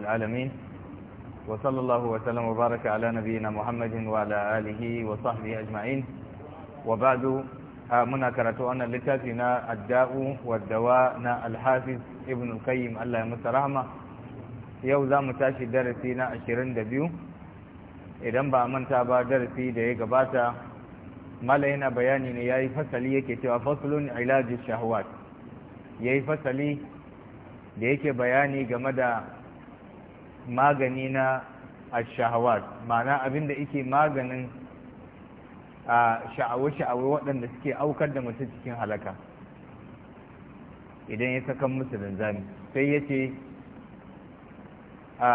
العالمين وصلى الله وسلم وبارك muna karatu wannan littafi na adda'u waddawa na alhafiz ibn al-qayyim Allah ya masa rahama yau za tashi darasi na 22 idan ba manta ba darasi da ya gabata mala yana bayani ne yayi fasali yake cewa faslun ilaji shahawat yayi fasali da yake bayani game da magani na a mana ma'ana abinda yake maganin a sha'awar waɗanda suke aukar da mutum cikin halaka idan ya sakan musu linzami sai ya ce a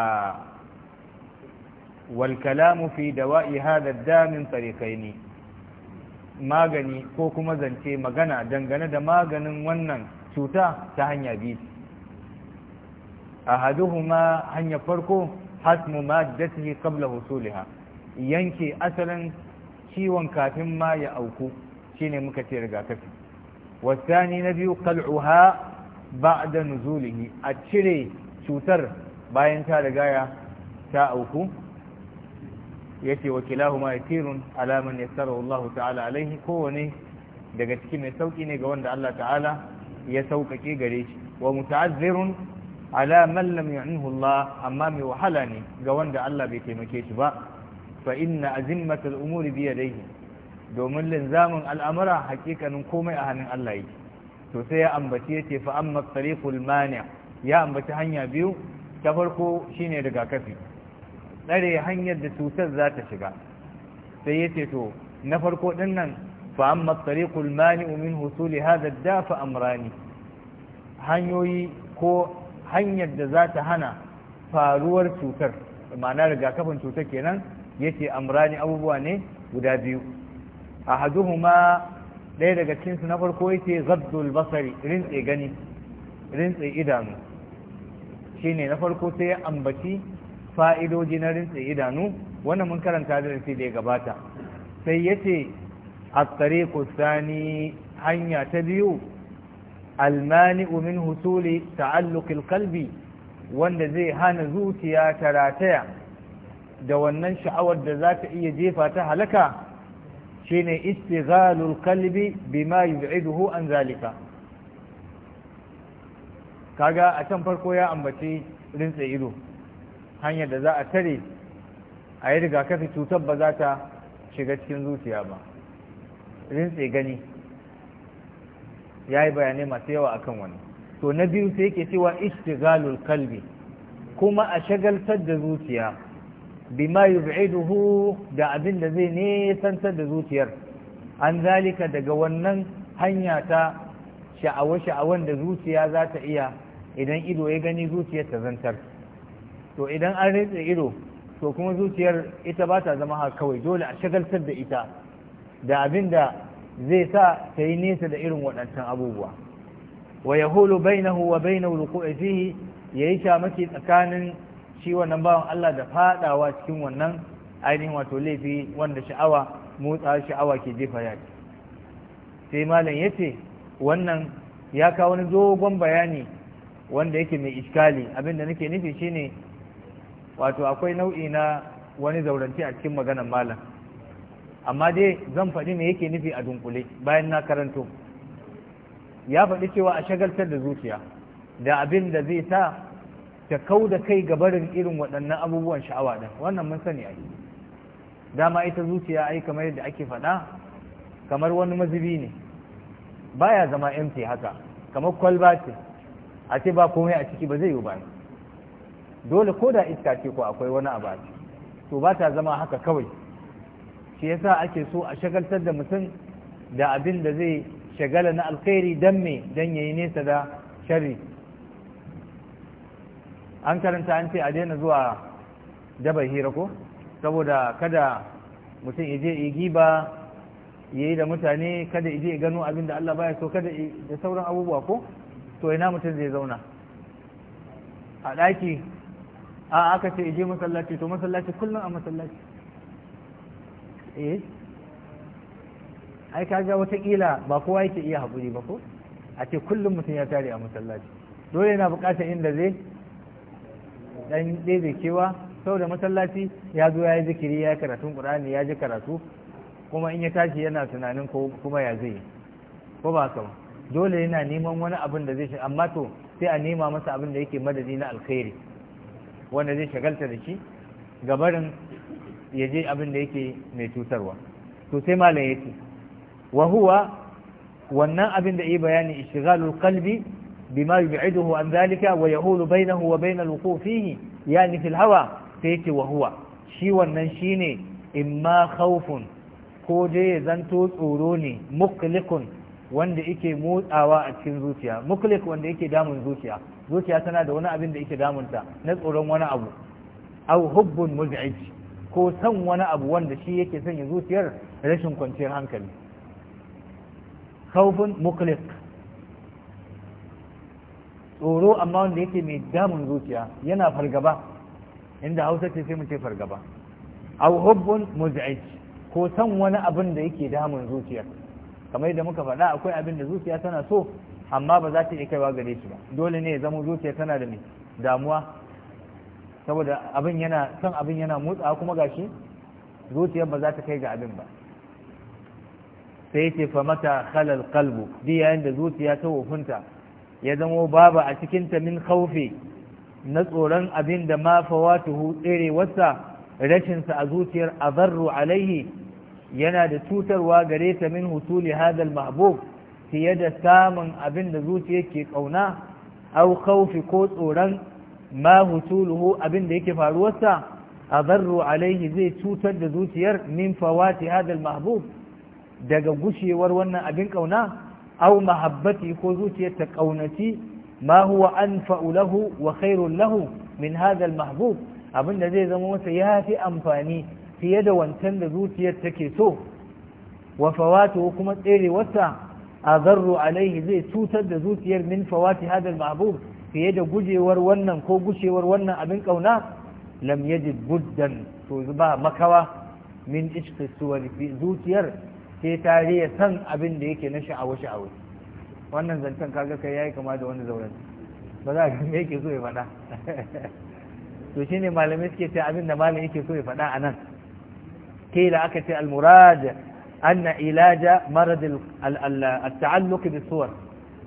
walkalamu fi dawa'i hada damin tsarikai ne magani ko kuma zance magana dangane da maganin wannan cuta ta hanya biyu ahaduhuma hanya farko hasmu maddatihi qabla husuliha yanke asalin ciwon kafin ma ya auku shine muka ce rigakafi wasani na biyu qal'uha ba'da nuzulihi a cire cutar bayan ta rigaya ta auku yace wa kilahuma yatirun ala man yassara Allah ta'ala alaihi kowane daga cikin mai sauki ne ga wanda Allah ta'ala ya sauƙaƙe gare shi wa muta'azzirun ala man lam yu'inhu Allah amma mai wahala ne ga wanda Allah bai taimake shi ba fa inna azimmat al-umuri bi yadayhi domin linzamin al'amura hakikanin komai a hannun Allah yake to sai ya ambaci yace fa amma tariqul mani ya ambaci hanya biyu ta farko shine rigakafi tsare hanyar da cutar za ta shiga sai yace to na farko din nan fa amma tariqul mani min husuli hadha ad-dafa amrani hanyoyi ko hanyar da za ta hana faruwar cutar ma'ana rigakafin cutar kenan yake amrani abubuwa ne guda biyu a ma ɗaya daga cinsu na farko yake zabdul basari rintse gani rintse idanu shi ne na farko sai ya ambaci fa'idoji na rintse idanu wannan mun karanta da shi da ya gabata sai yace a tsare hanya ta biyu المانئ من husuli تعلق القلب wanda zai hana zuciya ta rataya da wannan sha'awar da za ta iya jefa ta halaka shine istighalul qalbi bima yub'iduhu an zalika kaga a can farko ya ambaci rintse ido hanyar da za a tare a yi rigakafi cutar ba za ta shiga cikin zuciya ba rintse gani ya yi bayanai masu yawa akan wani to na biyu sai yake cewa istigalul kalbi kuma a shagaltar da zuciya bima yub'iduhu da abin da zai nesantar da zuciyar an zalika daga wannan hanya ta sha'awa-sha'awan da zuciya za ta iya idan ido ya gani zuciyar ta zantar to idan an rintse ido to kuma zuciyar ita ba ta zama haka kawai dole a shagaltar da ita da abin da zai sa ta yi nesa da irin waɗancan abubuwa wa yahulu bainahu wa bainahu ya fihi yayi shamaki tsakanin shi wannan bawan Allah da faɗawa cikin wannan ainihin wato laifi wanda sha'awa motsa sha'awa ke jefa ya sai malam ya ce wannan ya kawo wani dogon bayani wanda yake mai iskali abinda nake nufi shine wato akwai nau'i na wani zaurance a cikin maganar malam amma dai zan faɗi me yake nufi a dunkule bayan na karanto ya faɗi cewa a shagaltar da zuciya da abin da zai sa ta kau da kai ga barin irin waɗannan abubuwan sha'awa ɗin wannan mun sani ai dama ita zuciya ai kamar yadda ake faɗa kamar wani mazubi ne baya zama empty haka kamar kwalba ce a ce ba komai a ciki ba zai yi ba dole ko da iska ce ko akwai wani abu to ba ta zama haka kawai shi yasa ake so a shagaltar da mutum da abin da zai shagala na alkhairi dan me dan yayi nesa da sharri an karanta an ce a daina zuwa daba hira ko saboda kada mutum ya je ba ya yi da mutane kada ya je gano abin da Allah baya so kada da sauran abubuwa ko to ina mutum zai zauna a ɗaki a aka ce je masallaci to masallaci kullum a masallaci eh ai kaga watakila ba kowa yake iya haƙuri ba ko a ce kullum mutum ya tare a masallaci dole yana buƙatar inda zai dan ɗebe saboda masallaci ya zo ya yi zikiri ya yi karatun ƙur'ani ya ji karatu kuma in ya tashi yana tunanin ko kuma ya zai ko ba haka dole yana neman wani abin da zai shi amma to sai a nema masa abin da yake madadi na alkhairi wanda zai shagalta da shi gabarin ya je abin da yake mai cutarwa to sai malam yake wa huwa wannan abin da yi bayani ishghalul qalbi bima yub'iduhu an zalika wa yahulu bainahu wa bainal wuqu fihi yani fil hawa sai yake wa huwa shi wannan shine imma khawfun ko dai ya zanto tsoro ne muklikun wanda yake motsawa a cikin zuciya muklik wanda yake damun zuciya zuciya tana da wani abin da yake damunta na tsoron wani abu au hubbun muz'ij ko san wani abu wanda shi yake sanya ya zuciyar rashin kwanciyar hankali khawfun muqliq tsoro amma wanda yake mai damun zuciya yana fargaba inda hausa ce sai mu ce fargaba aw hubbun muz'ij ko san wani abin da yake damun zuciya kamar da muka faɗa akwai abin da zuciya tana so amma ba za ta iya kaiwa gare shi ba dole ne ya zama zuciya tana da damuwa saboda abin yana son abin yana motsa kuma gashi zuciyar ba za ta kai ga abin ba sai ce fa mata khalal qalbu di yayin da zuciya ta wufunta ya zamo babu a cikin ta min khawfi na tsoron abin da ma fawatuhu tsere wasa rashin sa a zuciyar azarru alaihi yana da cutarwa gare ta min husuli hadal mahbub fiye da samun abin da zuciya ke kauna au khawfi ko tsoron ma hutuluhu abin da yake faruwarsa adarru alaihi zai cutar da zuciyar min fawati hadal mahbub daga gushewar wannan abin kauna aw mahabbati ko zuciyar ta kaunaci ma huwa anfa'u lahu wa khairun lahu min hadal mahbub abin da zai zama masa ya fi amfani fiye da wancan da zuciyar take so wa fawatu kuma tserewarsa adarru alaihi zai cutar da zuciyar min fawati hadal mahbub fiye da gujewar wannan ko gushewar wannan abin kauna lam yajid buddan to ba makawa min ishqi suwar fi zuciyar sai tariya san abin da yake na sha'awa sha'awa wannan zancen kaga kai yayi kama da wani zauren ba za ka me yake so ya faɗa to shine malamai suke ce abin da malami yake so ya faɗa anan nan kila aka ce al-murad anna ilaja marad al-ta'alluq bi suwar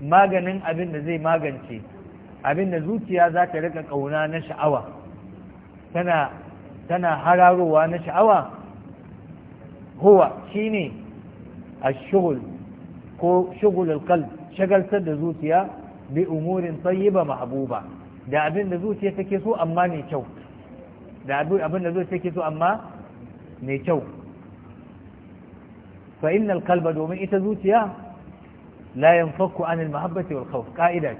maganin abin da zai magance abin da zuciya za ta rika ƙauna na sha'awa tana tana hararowa na sha'awa huwa shine ash-shughul ko shughul al-qalb shagaltar da zuciya bi umurin tayyiba mahbuba da abin da zuciya take so amma ne kyau da abin da zuciya take so amma ne kyau fa innal qalba domin ita zuciya la yanfaku anil mahabbati wal khawf qa'ida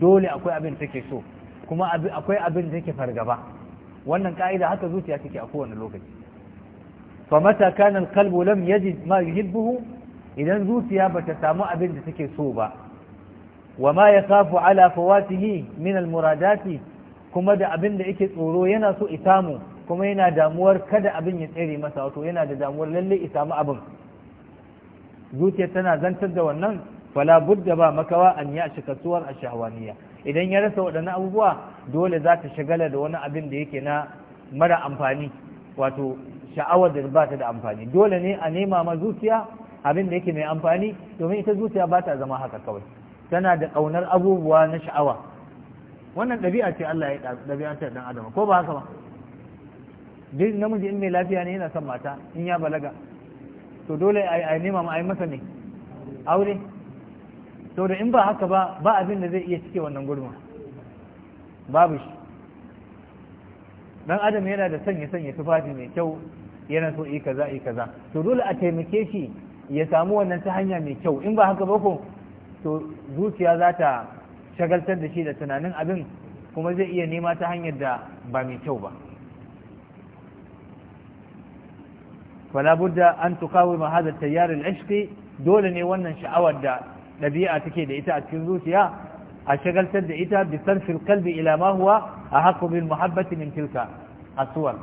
dole akwai abin take so kuma akwai abin da take fargaba wannan ka'ida haka zuciya take a kowane lokaci fa mata kana alqalbu lam yajid ma idan zuciya bata samu abin da take so ba wa ma yakhafu ala fawatihi min almuradati kuma da abin da yake tsoro yana so isamu kuma yana damuwar kada abin ya tsere masa wato yana da damuwar lalle isamu abin zuciya tana zantar da wannan fala budda ba makawa an ya shi kasuwar a shahwaniya idan ya rasa waɗannan abubuwa dole za ta shagala da wani abin da yake na mara amfani wato sha'awar da ba ta da amfani dole ne a nema ma zuciya abin da yake mai amfani domin ita zuciya ba ta zama haka kawai tana da ƙaunar abubuwa na sha'awa wannan ɗabi'a ce Allah ya ta dan adam ko ba haka ba duk namiji in mai lafiya ne yana son mata in ya balaga to dole a nema ma a yi masa ne aure saboda in ba haka ba ba abin da zai iya cike wannan gurma babu shi dan adam yana da sanya sanya tufafi mai kyau yana so yi kaza yi kaza to dole a taimake shi ya samu wannan ta hanya mai kyau in ba haka ba ko to zuciya za ta shagaltar da shi da tunanin abin kuma zai iya nema ta hanyar da ba mai kyau ba fala budda an tuqawima ma at-tayyar al dole ne wannan sha'awar da ɗabi'a take da ita a cikin zuciya a shagaltar da ita bi filkalbi kalbi ila ma huwa a haƙo bil muhabbati min tilka asuwar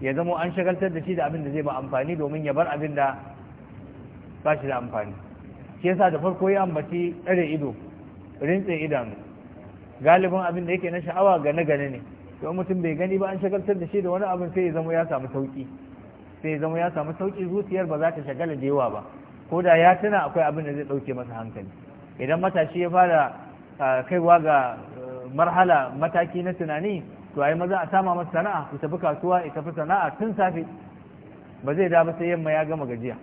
ya zamo an shagaltar da shi da abin da zai ba amfani domin ya bar abin da ba shi da amfani shi yasa da farko ya ambaci tsare ido rintse idanu galibin abin da yake na sha'awa gane gane ne to mutum bai gani ba an shagaltar da shi da wani abin sai ya zama ya samu sauki sai ya zama ya samu sauki zuciyar ba za ta shagala da yawa ba ko da ya tana akwai abin da zai ɗauke masa hankali idan matashi ya fara kaiwa ga e, marhala mataki na tunani to ai maza a sama masa sana'a ya tafi kasuwa ya tafi sana'a tun safe ba zai da ba sai yamma ya gama gajiya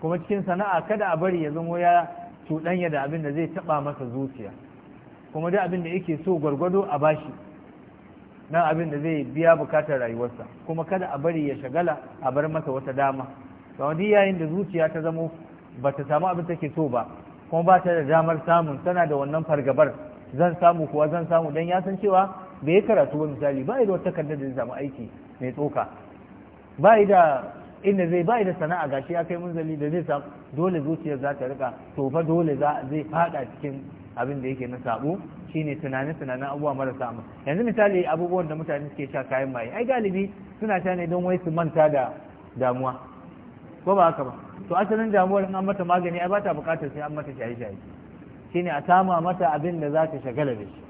kuma cikin sana'a kada a bari ya zamo ya cuɗanya da abin da zai taɓa masa zuciya kuma da abin da yake so gwargwado a bashi na abin da zai biya bukatar rayuwarsa kuma kada a bari ya shagala a bar masa wata dama ga wani yayin da zuciya ta zamo ba ta samu abin take so ba kuma ba ta da damar samun tana da wannan fargabar zan samu kuwa zan samu dan ya san cewa bai karatu ba misali ba da wata takardar da zai samu aiki mai tsoka ba da inda zai ba da sana'a gashi ya kai munzali da zai samu dole zuciyar za ta rika to fa dole za zai fada cikin abin da yake na sabo shine tunanin tunanin abubuwa marasa amma yanzu misali abubuwan da mutane suke sha kayan maye ai galibi suna sha ne don wai su manta da damuwa ko ba haka ba to asalin damuwar in an mata magani ai bata ta bukatar sai an mata shaye-shaye shine a tama mata abin da za ta shagala da shi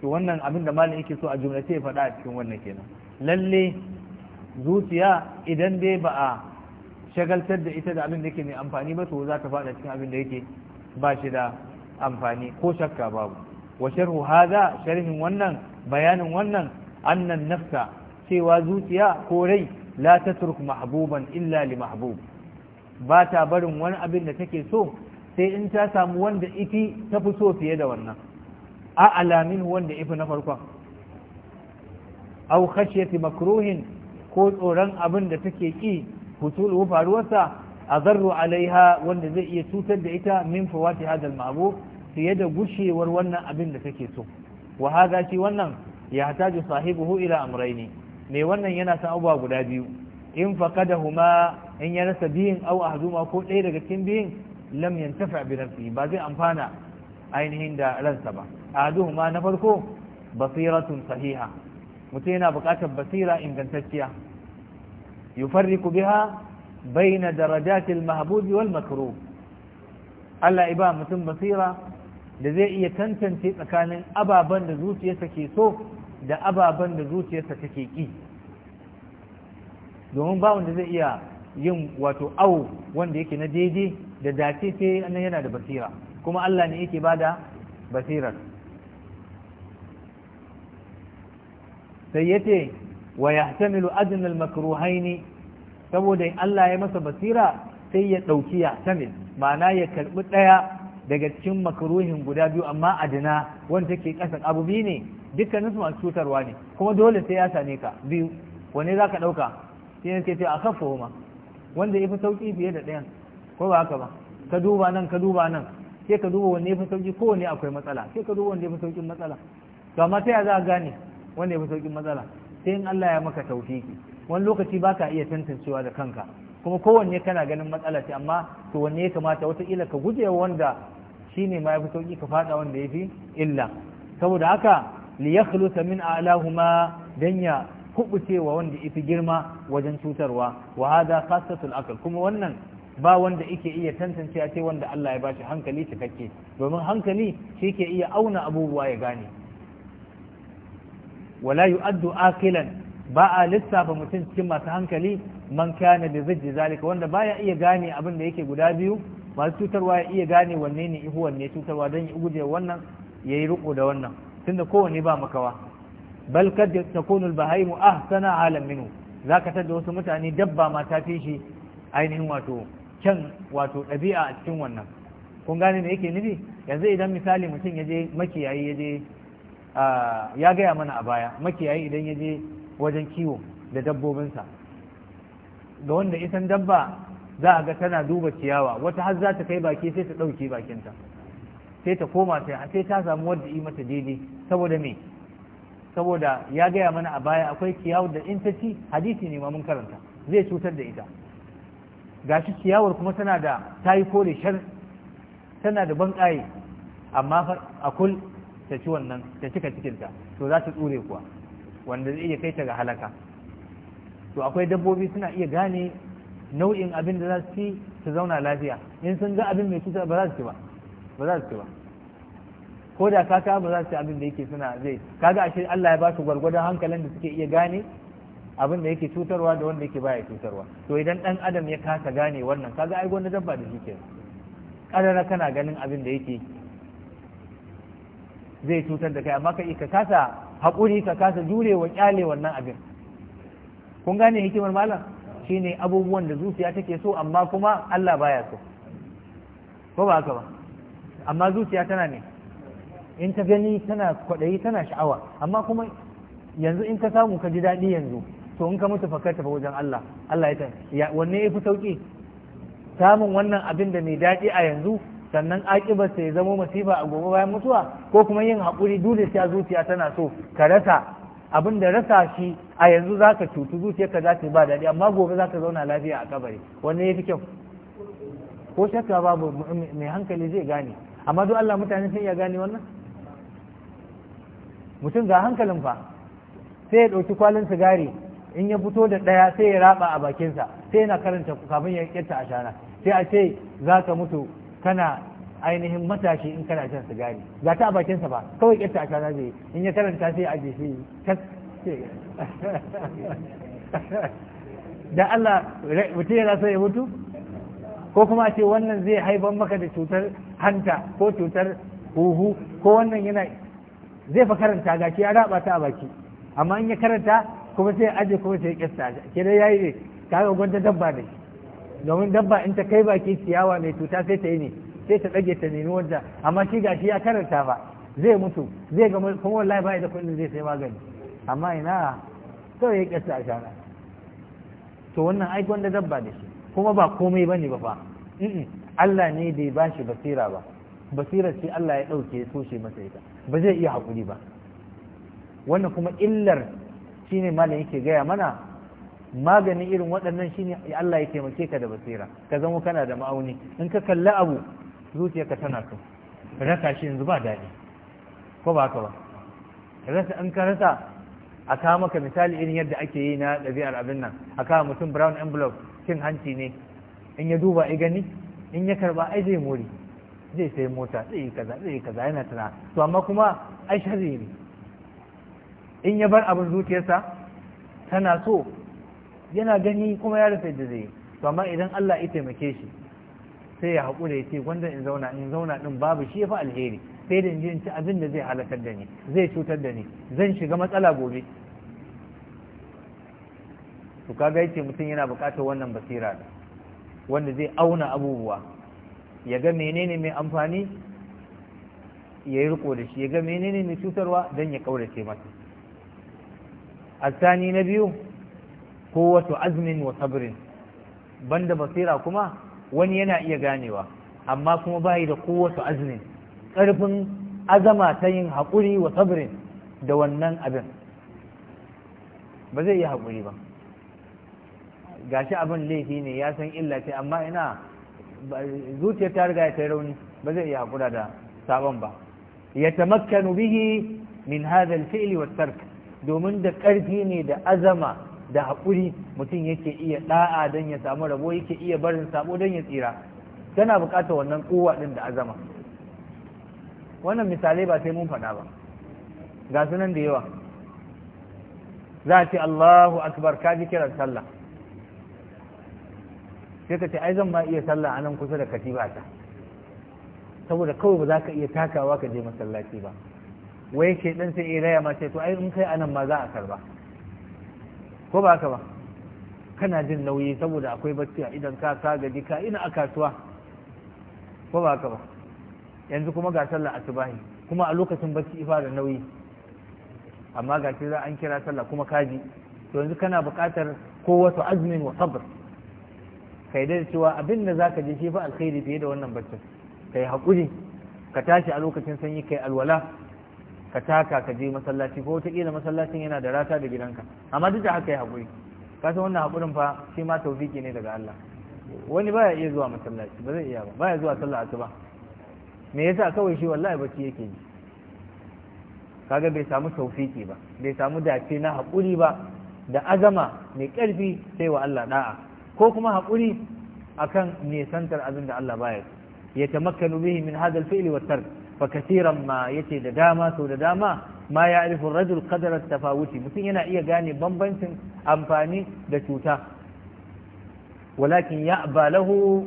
to wannan abin da malam yake so a jumlace ya faɗa a cikin wannan kenan lalle zuciya idan dai ba a shagaltar da ita da abin da yake mai amfani ba to za ta faɗa cikin abin da yake ba shi da amfani ko shakka babu wa sharhu hadha sharhin wannan bayanin wannan annan nafsa cewa zuciya ko rai la tatruk mahbuban illa li mahbub ba ta barin wani abin da take so sai in ta samu wanda ifi ta fi so fiye da wannan a alamin wanda ifi na farkon au khashyati makruhin ko tsoron abin da take ki husulu faruwarsa a azarru alaiha wanda zai iya cutar da ita min fawati hadal ma'bu fiye da gushewar wannan abin da take so wa hada shi wannan ya hataju sahibuhu ila amrayni mai wannan yana san abubuwa guda biyu in huma in ya rasa biyin a hazuma ko ɗaya daga cikin biyin lam yantafa bi nafsihi ba zai amfana ainihin da ransa ba ahduhuma na farko basiratun sahiha mutum yana buƙatar basira ingantacciya yufarriku biha baina darajatil mahbubi wal makruh Allah iba mutum basira da zai iya tantance tsakanin ababen da zuciyarsa ke so da ababen da zuciyarsa take ƙi domin ba wanda zai iya yin wato au wanda yake na daidai da dace sai annan yana da basira kuma Allah ne yake ba da basirar sai ya ce wa ya tamilu ajinal makruhaini saboda Allah ya masa basira sai ya ɗauki ya tamil ma'ana ya karɓi ɗaya daga cikin makruhin guda biyu amma adina wanda take ƙasa abu ne dukkanin su masu cutarwa ne kuma dole sai ya same ka biyu wane za ka ɗauka shi ne ce a kafa ma wanda ya fi sauƙi fiye da ɗayan ko ba haka ba ka duba nan ka duba nan sai ka duba wanne ya fi sauƙi ko wanne akwai matsala sai ka duba wanne ya fi sauƙin matsala to amma ta ya za a gane wanda ya fi sauƙin matsala sai in Allah ya maka taufiki wani lokaci ba ka iya tantancewa da kanka kuma kowanne kana ganin matsala ce amma to wanne ya kamata wataƙila ka guje wanda shine ma ya fi sauƙi ka faɗa wanda ya fi illa saboda haka li yakhlusa min a'lahuma dan ya wa wanda ifi girma wajen cutarwa wa hada khassatul aql kuma wannan ba wanda yake iya tantance a ce wanda Allah ya bashi hankali cikakke domin hankali shi ke iya auna abubuwa ya gane wala yu'addu aqilan ba a lissafa mutum cikin masu hankali man kana da zaji zalika wanda baya iya gane abin da yake guda biyu masu cutarwa ya iya gane wanne ne ihu wanne cutarwa don ya guje wannan yayi yi riko da wannan tunda kowanne ba makawa bal kad takunu al-bahaimu ahsana alam minhu zaka tada wasu mutane dabba ma ta fi shi ainihin wato kyan wato ɗabi'a a cikin wannan kun gane da yake nufi yanzu idan misali mutum ya je makiyayi ya ya gaya mana a baya makiyayi idan ya je wajen kiwo da dabbobinsa ga wanda isan dabba za a ga tana duba ciyawa wata har za ta kai baki sai ta ɗauke bakinta sai ta koma sai sai ta samu wadda yi mata daidai saboda me saboda ya gaya mana a baya akwai ciyawar da in ta ci hadisi ne ma mun karanta zai cutar da ita gashi ciyawar kuma tana da yi kore shar tana da ƙaye amma fa akul ta ci wannan ta cika cikinta to za ta tsure kuwa wanda zai iya kai ta ga halaka to akwai dabbobi suna iya gane nau'in abin da za su ci su zauna lafiya in sun ga abin mai cutar ba za su ci ba ba za su ce ba ko da ka ka ba za su ci abin da yake suna zai kaga ashe Allah ya ba su gwargwadon hankalin da suke iya gane abin da yake cutarwa da wanda yake baya cutarwa to idan dan adam ya kasa gane wannan kaga ai gwanda dabba da shi kenan kadara kana ganin abin da yake zai cutar da kai amma ka ka kasa haƙuri ka kasa wa kyale wannan abin kun gane hikimar malam shine abubuwan da zuciya take so amma kuma Allah baya so ko ba haka ba amma zuciya tana ne in ta gani tana kwaɗayi tana sha'awa amma kuma yanzu in ka samu ka ji daɗi yanzu to in ka mutu fakar tafi wajen Allah Allah ya ta wanne ya fi sauƙi samun wannan abin da mai daɗi a yanzu sannan aƙibar ya zamo masifa a gobe bayan mutuwa ko kuma yin haƙuri dole sai zuciya tana so ka rasa abin da rasa shi a yanzu za ka cutu zuciyarka za ta ba daɗi amma gobe za ka zauna lafiya a kabari wanne ya fi kyau ko shakka babu mai hankali zai gane amma don Allah mutane sun iya gane wannan mutum ga hankalin fa sai ya ɗauki kwalin sigari in ya fito da ɗaya sai ya raba a bakinsa sai yana karanta kafin ya ƙirta a shana sai a ce za ka mutu kana ainihin matashi in kana shan sigari ga ta a bakinsa ba kawai ƙirta a shana zai in ya karanta sai a ji shi da Allah mutum yana so ya mutu ko kuma a ce wannan zai haifar maka da cutar hanta ko cutar huhu ko wannan yana zai fa karanta ga ke raba ta a baki amma in ya karanta kuma sai aje kuma sai kista ke dai yayi ne kaga gwanda dabba ne domin dabba in ta kai baki ciyawa mai cuta sai ta yi ne sai ta dage ta nemi wanda amma shi gashi ya karanta ba zai mutu zai ga kuma wallahi bai da kuɗin zai sai magani amma ina kawai ya kista a shara to wannan ai gwanda dabba ne shi kuma ba komai bane ba fa Allah ne bai ba shi basira ba basirar ce Allah ya ɗauke toshe masa ita ba zai iya haƙuri ba wannan kuma illar shine malam yake gaya mana maganin irin waɗannan shine Allah ya taimake ka da basira ka zama kana da ma'auni in ka kalli abu zuciyarka tana so raka shi yanzu ba daɗi ko ba haka ba rasa in ka rasa a kawo maka misali irin yadda ake yi na ɗabi'ar abin nan a kawo mutum brown envelope cin hanci ne in ya duba ya gani in ya karba ai zai mori zai sai mota zai yi kaza zai yi kaza yana tana to amma kuma ai sharri ne in ya bar abin zuciyarsa tana so yana gani kuma ya rufe da zai to amma idan Allah ya taimake shi sai ya haƙura ya ce gwanda in zauna in zauna din babu shi ya fi alheri sai da in ci abin da zai halakar da ni zai cutar da ni zan shiga matsala gobe to kaga yace mutum yana bukatar wannan basira da wanda zai auna abubuwa ya ga menene mai amfani ya yi riko da shi ya ga menene mai cutarwa don ya kaurace masa asani na biyu ko wato azmin wa sabrin banda basira kuma wani yana iya ganewa amma kuma bayi da kowace azmin karfin azama ta yin haƙuri wa sabrin da wannan abin ba zai yi haƙuri ba gashi abin laifi ne ya san illa ce amma ina zuciyar ta riga ta rauni ba zai iya hakura da sabon ba ya tamakkanu bihi min hadha al-fi'li tark domin da karfi ne da azama da hakuri mutum yake iya da'a dan ya samu rabo yake iya barin sabo dan ya tsira tana bukatar wannan kowa din da azama wannan misalai ba sai mun faɗa ba ga sunan da yawa za a ce Allahu akbar ka ji kiran sallah sai ka ce ai zan ma iya sallah a nan kusa da katiba ta saboda kawai ba za ka iya takawa ka je masallaci ba wai ke dan sai iya raya ma ce to ai in kai anan ma za a karba ko ba haka ba kana jin nauyi saboda akwai bacci a idan ka ka gaji ka ina a kasuwa ko ba haka ba yanzu kuma ga sallah asubahi kuma a lokacin bacci ifa da nauyi amma ga za an kira sallah kuma kaji to yanzu kana buƙatar ko wasu azmin wa sabr kai da cewa abin da zaka je shi fa alkhairi fiye da wannan baccin kai hakuri ka tashi a lokacin sanyi kai alwala ka taka ka je masallaci ko ta wataƙila masallacin yana da rata da gidanka amma duk da haka ya hakuri, ka san wannan hakurin fa shi ma tawfiki ne daga Allah wani baya iya zuwa masallaci ba zai iya ba baya zuwa sallah asuba me yasa kawai shi wallahi bacci yake yi kaga bai samu tawfiki ba bai samu dace na hakuri ba da azama mai ƙarfi sai wa Allah da'a ko kuma haƙuri akan nesantar abin da Allah baya ya tamakkanu bihi min hadal fi'li wa tark fa katiran ma yace da dama so da dama ma ya arifu rajul qadar tafawuti mutum yana iya gane bambancin amfani da cuta walakin ya balahu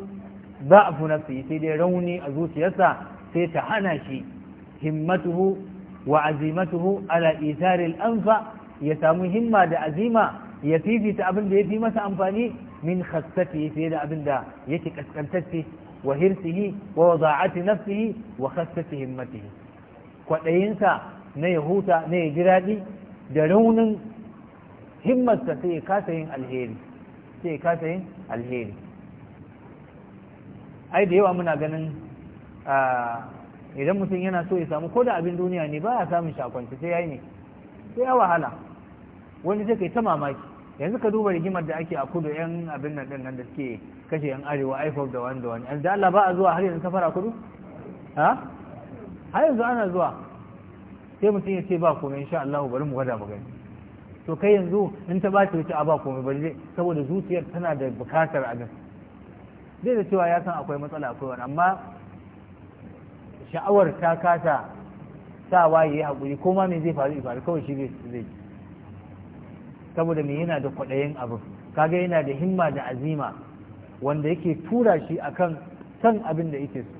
ba'fu nafsi sai dai rauni a zuciyarsa sai ta hana shi himmatuhu wa azimatuhu ala isari al-anfa ya samu himma da azima ya fifita abin da ya fi masa amfani min khassatihi fiye da abin da yake kaskantacce wa hirsihi wa wada'ati nafsihi wa khassati himmatihi kwadayinsa na ya huta na ya ji daɗi da raunin himmarsa sai ya kasa alheri ai da yawa muna ganin idan mutum yana so ya samu ko da abin duniya ne ba ya samun shakwance sai ya yi ne sai ya wahala wani sai kai ta mamaki yanzu ka duba rigimar da ake a kudu yan abin nan din nan da suke kashe yan arewa aifof da wani da wani yanzu Allah ba a zuwa har yanzu safara kudu ha har yanzu ana zuwa sai mutum ya ce ba komai insha Allah bari mu gwada mu gani to kai yanzu in ta ba ta wuce a ba komai bari zai saboda zuciyar tana da bukatar abin zai da cewa ya san akwai matsala akwai wani amma sha'awar ta kasa sa waye ya ko ma me zai faru faru kawai shi zai saboda me yana da kwaɗayin abu kaga yana da himma da azima wanda yake tura shi akan san abin da yake so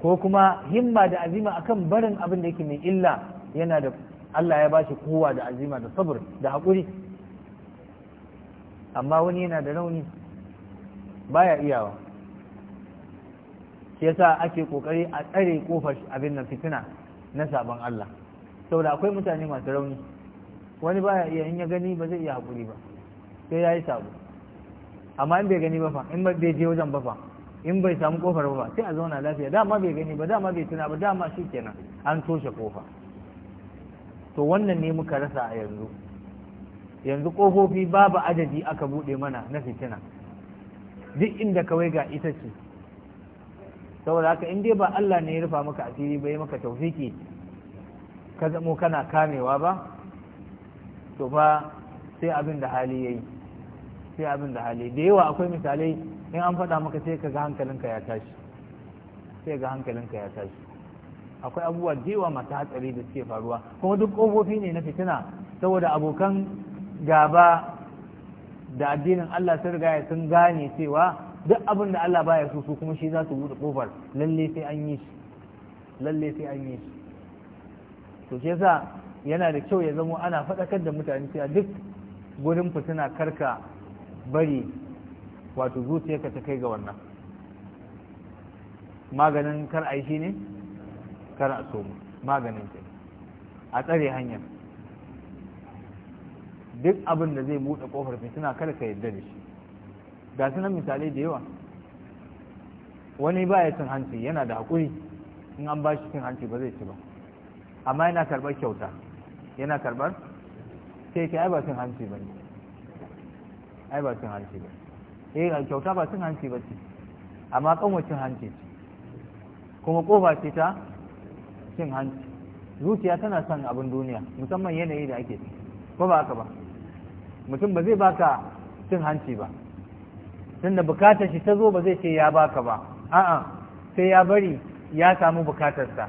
ko kuma himma da azima akan barin abin da yake mai illa yana da Allah ya ba shi kowa da azima da sabur da haƙuri amma wani yana da rauni baya iyawa shi yasa ake kokari a tsare kofar abin nan fitina na sabon Allah saboda akwai mutane masu rauni wani baya iya in ya gani ba zai iya hakuri ba sai ya yi sabo amma in bai gani ba fa in bai je wajen ba fa in bai samu kofar ba sai a zauna lafiya dama bai gani ba dama bai tuna ba dama shi kenan an toshe kofa to wannan ne muka rasa a yanzu yanzu kofofi babu adadi aka buɗe mana na fitina duk inda kawai ga ita ce saboda haka in dai ba Allah ne ya rufa maka asiri bai maka tawfiki ka zamo kana kamewa ba to fa sai abin da hali yayi sai abin da hali da yawa akwai misalai in an faɗa maka sai ka ga hankalinka ya tashi sai ga hankalinka ya tashi akwai abubuwa da yawa masu hatsari da suke faruwa kuma duk ƙofofi ne na fitina saboda abokan gaba da addinin Allah sun riga ya sun gane cewa duk abin da Allah baya so su kuma shi za su buɗe ƙofar lalle sai an yi shi lalle sai an yi shi to shi yasa yana da kyau ya zama ana faɗakar da mutane cewa duk gurin fitina karka bari wato zuciyarka ta kai ga wannan maganin kar a yi shi ne kar a so maganin ke a tsare hanyar duk abin da zai buɗe ƙofar fitina kar ka yarda da shi ga su nan misalai da yawa wani ya cin hanci yana da haƙuri in an ba shi cin hanci ba zai ci ba amma yana karɓar kyauta yana karbar sai ke ai ba cin hanci ba ne ai ba cin hanci ba eh kyauta ba cin hanci ba ce amma kanwa cin hanci ce kuma kofa ce ta cin hanci zuciya tana son abin duniya musamman yanayi da ake ko ba haka ba mutum ba zai baka cin hanci ba tunda bukatar shi ta zo ba zai ce ya baka ba a'a sai ya bari ya samu bukatarsa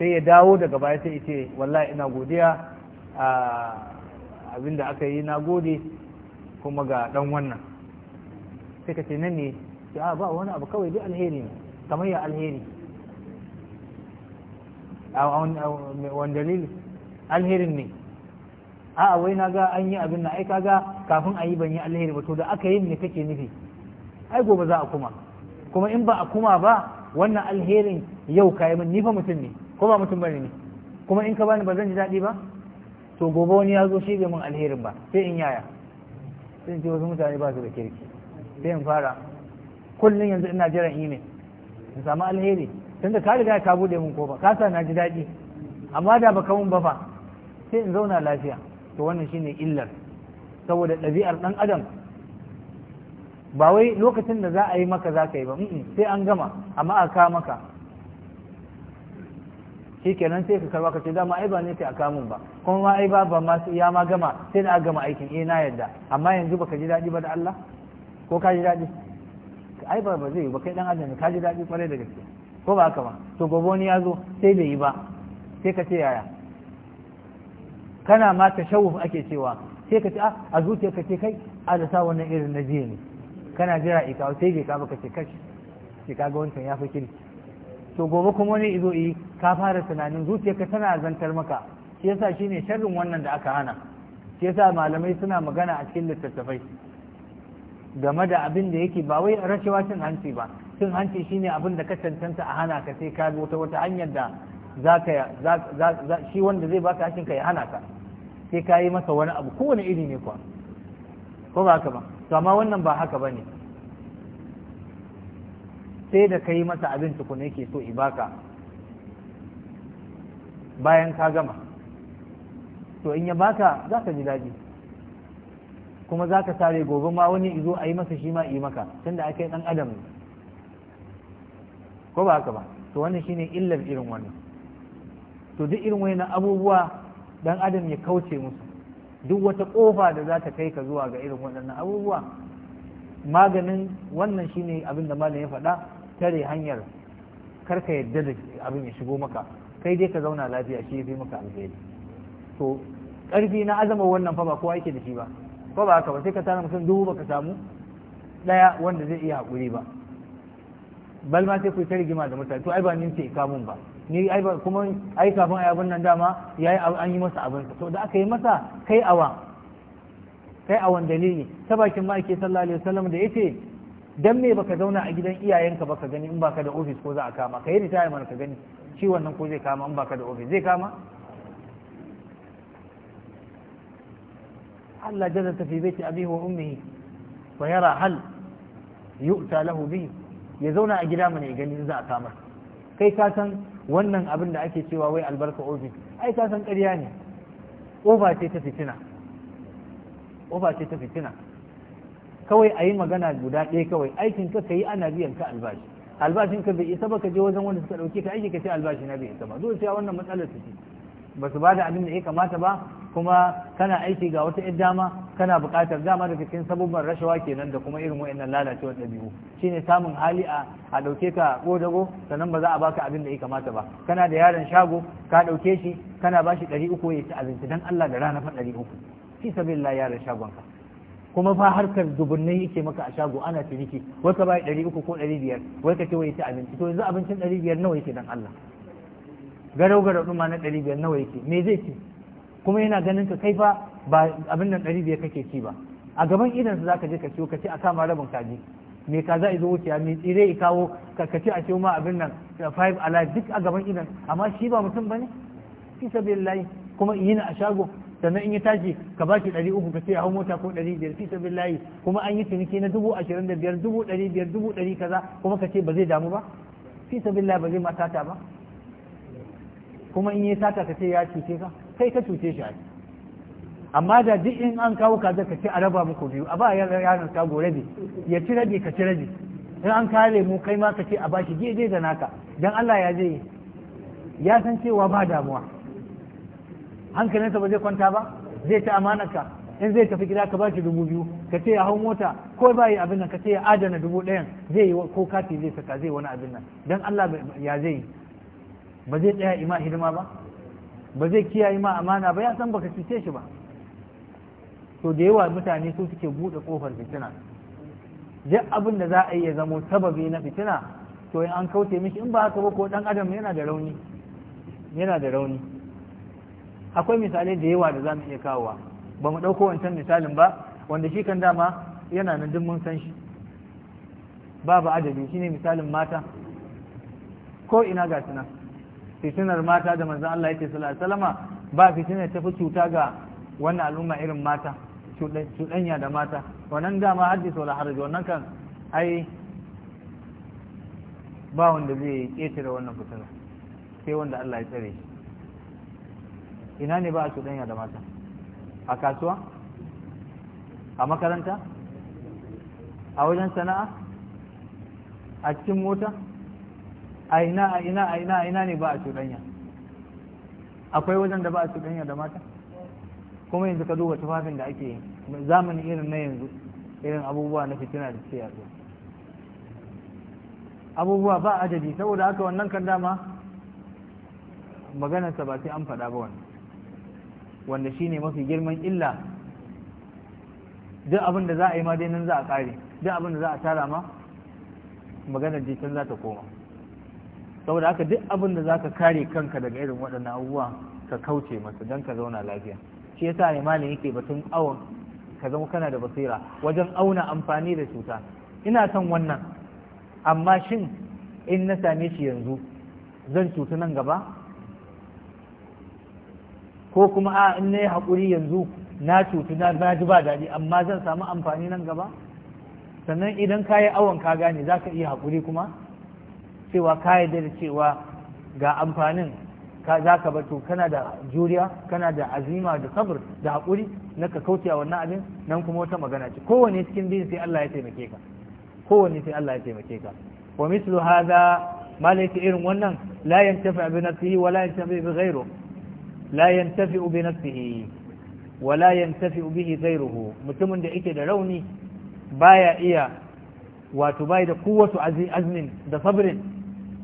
sai ya dawo daga baya sai ce wallahi ina godiya a abinda aka yi na gode kuma ga dan wannan sai ka ce nan ne ya ah, ba wani abu kawai duk alheri ne kamar ya alheri a wani dalili alherin ne a wai na ga an yi abin na aika ga kafin a yi ban yi alheri ba to da aka yi ne kake nufi ai gobe za a kuma kuma in ba a kuma ba wannan alherin yau kayi min nifa mutum ne ko ba mutum bane ne kuma in ka bani ba zan ji daɗi ba to gobe wani ya zo shi bai mun alherin ba sai in yaya sai in ce wasu mutane ba su da kirki sai in fara kullum yanzu ina jiran ime in samu alheri tun da ka riga ka bude mun ba ka sa na ji daɗi amma da baka mun ba fa sai in zauna lafiya to wannan shine illar saboda ɗabi'ar ɗan adam ba wai lokacin da za a yi maka za ka yi ba sai an gama amma a ka maka shi kenan sai ka karba ka ce dama ai ba ne sai a kamun ba kuma ma ai ba ba ma ya ma gama sai na gama aikin eh na yadda amma yanzu baka ji daɗi ba da Allah ko ka ji daɗi ai ba ba zai yi ba kai dan adam ka ji daɗi kwarai da gaske ko ba haka ba to gobe wani ya zo sai bai yi ba sai ka ce yaya kana ma shawuf ake cewa sai ka ce ah, a zuciya ka ce kai a da sa wannan irin na jiya ne kana jira ikawo sai bai ka ba ka ce kashi sai ka ga wancan ya fi kirki to gobe kuma wani izo yi ka fara tunanin ka tana zantar maka shi yasa shine sharrin wannan da aka hana shi yasa malamai suna magana a cikin littattafai game da abin da yake ba wai rashawa cin hanci ba cin hanci shine abin da ka cancanta a hana ka sai ka bi wata wata hanyar da shi wanda zai baka hakin ka ya hana ka sai ka yi masa wani abu kowane iri ne kuwa ko ba haka ba to amma wannan ba haka ba ne. sai da ka yi masa abin tukuna yake so ibaka bayan ka gama to in ya baka za ka ji daɗi kuma za ka sare gobe ma wani izo a yi masa shi ma yi maka tunda aka yi ɗan adam ko ba haka ba to wannan shine illar irin wannan to duk irin wani abubuwa dan adam ya kauce musu duk wata kofa da za ta kai ka zuwa ga irin waɗannan abubuwa maganin wannan shine abin da malam ya faɗa tare hanyar karka yadda da abin ya shigo maka kai dai ka zauna lafiya shi fi maka alheri to karfi na azama wannan fa ba kowa yake da shi ba ko ba haka ba sai ka tara mutum dubu baka samu ɗaya wanda zai iya haƙuri ba bal ma sai ku ta rigima da mutane to ai ba ni ka mun ba ni ai ba kuma ai kafin ai abin nan dama yayi an yi masa abin to da aka yi masa kai awa kai awan dalili ta bakin ma ake sallallahu alaihi wasallam da yace dan me baka zauna a gidan iyayenka baka gani in baka da ofis ko za a kama ka yi retirement ka gani ciwon nan ko zai kama in baka da ofis zai kama Allah jazata fi baiti abihi wa ummihi wa yara hal yu'ta lahu bi ya zauna a gida mana ya gani in za a kama kai ka san wannan abin da ake cewa wai albarka ofis ai ka san ƙarya ne oba ce ta fitina oba ce ta fitina kawai a yi magana guda ɗaya kawai aikin ka yi ana biyan ka albashi albashin ka bai isa ba ka je wajen wanda suka ɗauke ka aiki ka ce albashi na bai isa ba sai cewa wannan matsalar su ce ba su ba da abin da ya kamata ba kuma kana aiki ga wata 'yar dama kana buƙatar dama daga cikin sabubban rashawa kenan da kuma irin wa'annan lalacewar ɗabi'u ne samun hali a a ɗauke ka ƙodago sannan ba za a baka abin da ya kamata ba kana da yaron shago ka ɗauke shi kana ba shi ɗari uku ya ci abinci don Allah da rana fa ɗari uku fi sabilillah yaron shagon ka kuma fa harkar dubunnai yake maka a shago ana ciniki wai ka bai ɗari uku ko ɗari biyar wai ka ce wai ta abinci to yanzu abincin ɗari biyar nawa yake dan Allah garau garau ɗin ma na ɗari biyar nawa yake me zai ci kuma yana ganin ka kai fa ba abin nan ɗari biyar kake ci ba a gaban idan za ka je ka ciwo ka ce a kama rabin kaji me ka za a zo wuciya me tsire ya kawo ka ce a ciwo ma abin nan uh, five alive duk a gaban idan amma shi ba mutum ba ne fi sabilillahi kuma yi a shago sannan in ya tashi ka ba shi ɗari uku ka ce hau mota ko ɗari biyar fi sabbin layi kuma an yi ciniki na dubu ashirin da biyar dubu ɗari biyar dubu ɗari kaza kuma ka ce ba zai damu ba fi sabbin layi ba zai ma sata ba kuma in ya sata ka ce ya cuce ka kai ka cuce shi a amma da duk in an kawo kaza ka ce a raba muku biyu a ba yaran ka rabi ya ci rabi ka ci rabi in an kare mu kai ma ka ce a bashi je da naka dan Allah ya zai ya san cewa ba damuwa hankalinsa ba zai kwanta ba zai ci amanarka in zai tafi gida ka ba shi dubu biyu ka ce ya hau mota ko ba yi abin nan ka ce ya adana dubu ɗayan zai yi ko kati zai saka zai wani abin nan don Allah ya zai yi ba zai tsaya ima hidima ba ba zai kiyaye ma amana ba ya san baka cuce shi ba to da yawa mutane su suke buɗe kofar fitina duk abin da za a yi ya zamo sababi na fitina to in an kauce mishi in ba haka ba ko dan adam yana da rauni yana da rauni akwai misalai da yawa da za mu iya kawowa ba mu ɗauko wancan misalin ba wanda shi kan dama yana nan duk mun san shi babu shi shine misalin mata ko ina ga sunan fitinar mata da manzon Allah yake sallallahu alaihi wasallama ba fitinar ta fi cuta ga wannan al'umma irin mata cuɗanya da mata wannan dama hadisi wala haraji wannan kan ai ba wanda zai ƙetare wannan fitinar sai wanda Allah ya tsare shi ina ne ba a cuɗanya da mata a kasuwa a makaranta a wajen sana'a a cikin mota a ina a ina a ina a ina ne ba a cuɗanya akwai wajen da ba a cuɗanya da mata kuma yanzu ka duba tufafin da ake yi zamani irin na yanzu irin abubuwa na fitina da suke yatsu abubuwa ba adadi saboda haka wannan kan dama maganarsa ba sai an faɗa ba wannan wanda shine mafi girman illa duk abin da za a yi ma dai nan za a kare duk abin da za a tara ma maganar jikin za ta koma saboda haka duk abin da za ka kare kanka daga irin waɗannan abubuwa ka kauce masa don ka zauna lafiya shi yasa ne malin yake batun awon ka zama kana da basira wajen auna amfani da cuta ina son wannan amma shin in na same shi yanzu zan cutu nan gaba ko kuma a in na yi haƙuri yanzu na cutu na ji ba daɗi amma zan samu amfani nan gaba sannan idan ka yi awon ka gane za ka iya haƙuri kuma cewa ka yi da cewa ga amfanin za ka bato kana da juriya kana da azima da sabr da haƙuri na ka kauce a wannan abin nan kuma wata magana ce kowane cikin biyun sai Allah ya taimake ka kowane sai Allah ya taimake ka wa mislu hadha ma irin wannan la yantafi bi nafsihi wa la yantafi bi ghayrihi la yantafi'u bi nafsihi wa la mutumin da yake da rauni baya iya wato bai da kuwatu azmin da sabrin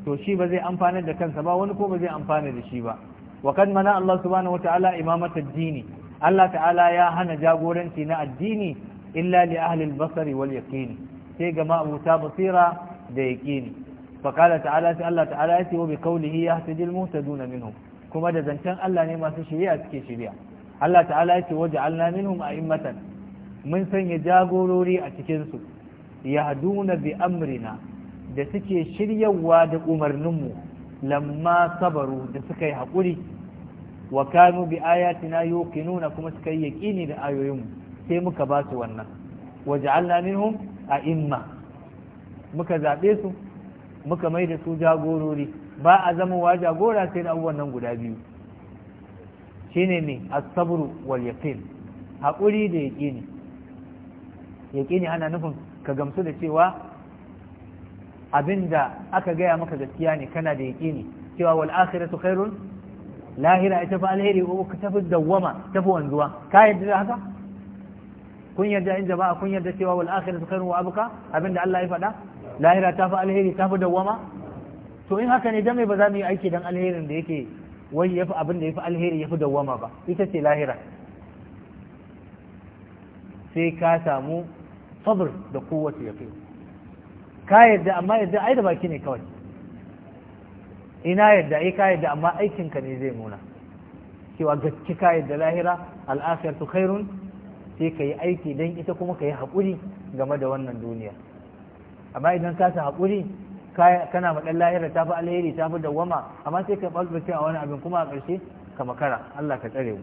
to shi ba zai amfana da kansa ba wani ko ba zai amfana da shi ba wa kad mana Allah subhanahu wata'ala imamata addini Allah ta'ala ya hana jagoranci na addini illa li ahli al-basari wal yaqini sai ga ma'abuta basira da yaqini fa qala ta'ala sai Allah ta'ala ya ce wa bi qawlihi yahtadi al-muhtaduna minhum kuma da zancen Allah ne masu shirya suke shirya Allah ta'ala yake waje waja'alna minhum a'immatan mun sanya jagorori a cikin su yahduna bi amrina da suke shiryawa da umarnin mu lamma sabaru da suka yi haƙuri wa kanu bi ayatina yuqinuna kuma suka yi yaqini da ayoyinmu sai muka ba su wannan waja'alna minhum a'imma muka zabe su muka mai da su jagorori ba a wa jagora sai da abubuwan nan guda biyu shine ne a sabru wal yaqin haƙuri da yaƙini yaƙini ana nufin ka gamsu da cewa abinda aka gaya maka gaskiya ne kana da yaƙini cewa wal akhiratu khairun lahira ita fa alheri ko ka tafi dawwama tafi wanzuwa ka yadda da haka kun yarda in jama'a kun yarda cewa wal akhiratu khairun wa abuka abinda Allah ya faɗa lahira ta fa alheri ta fi dawwama to in haka ne dame ba za mu yi aiki dan alherin da yake wai yafi abin da yafi alheri yafi dawwama ba ita ce lahira sai ka samu sabr da kowace yafi ka yadda amma yadda ai da baki ne kawai ina yadda ai eh, ka yadda amma aikinka ne zai nuna cewa gaske ka yadda lahira al'afiyar tu khairun sai ka yi aiki don ita kuma ka yi haƙuri game da wannan duniya amma idan ka sa haƙuri kana ma dan lahira tafi alheri fi dawwama amma sai ka balbace a wani abin kuma a ƙarshe ka makara Allah ka tsare mu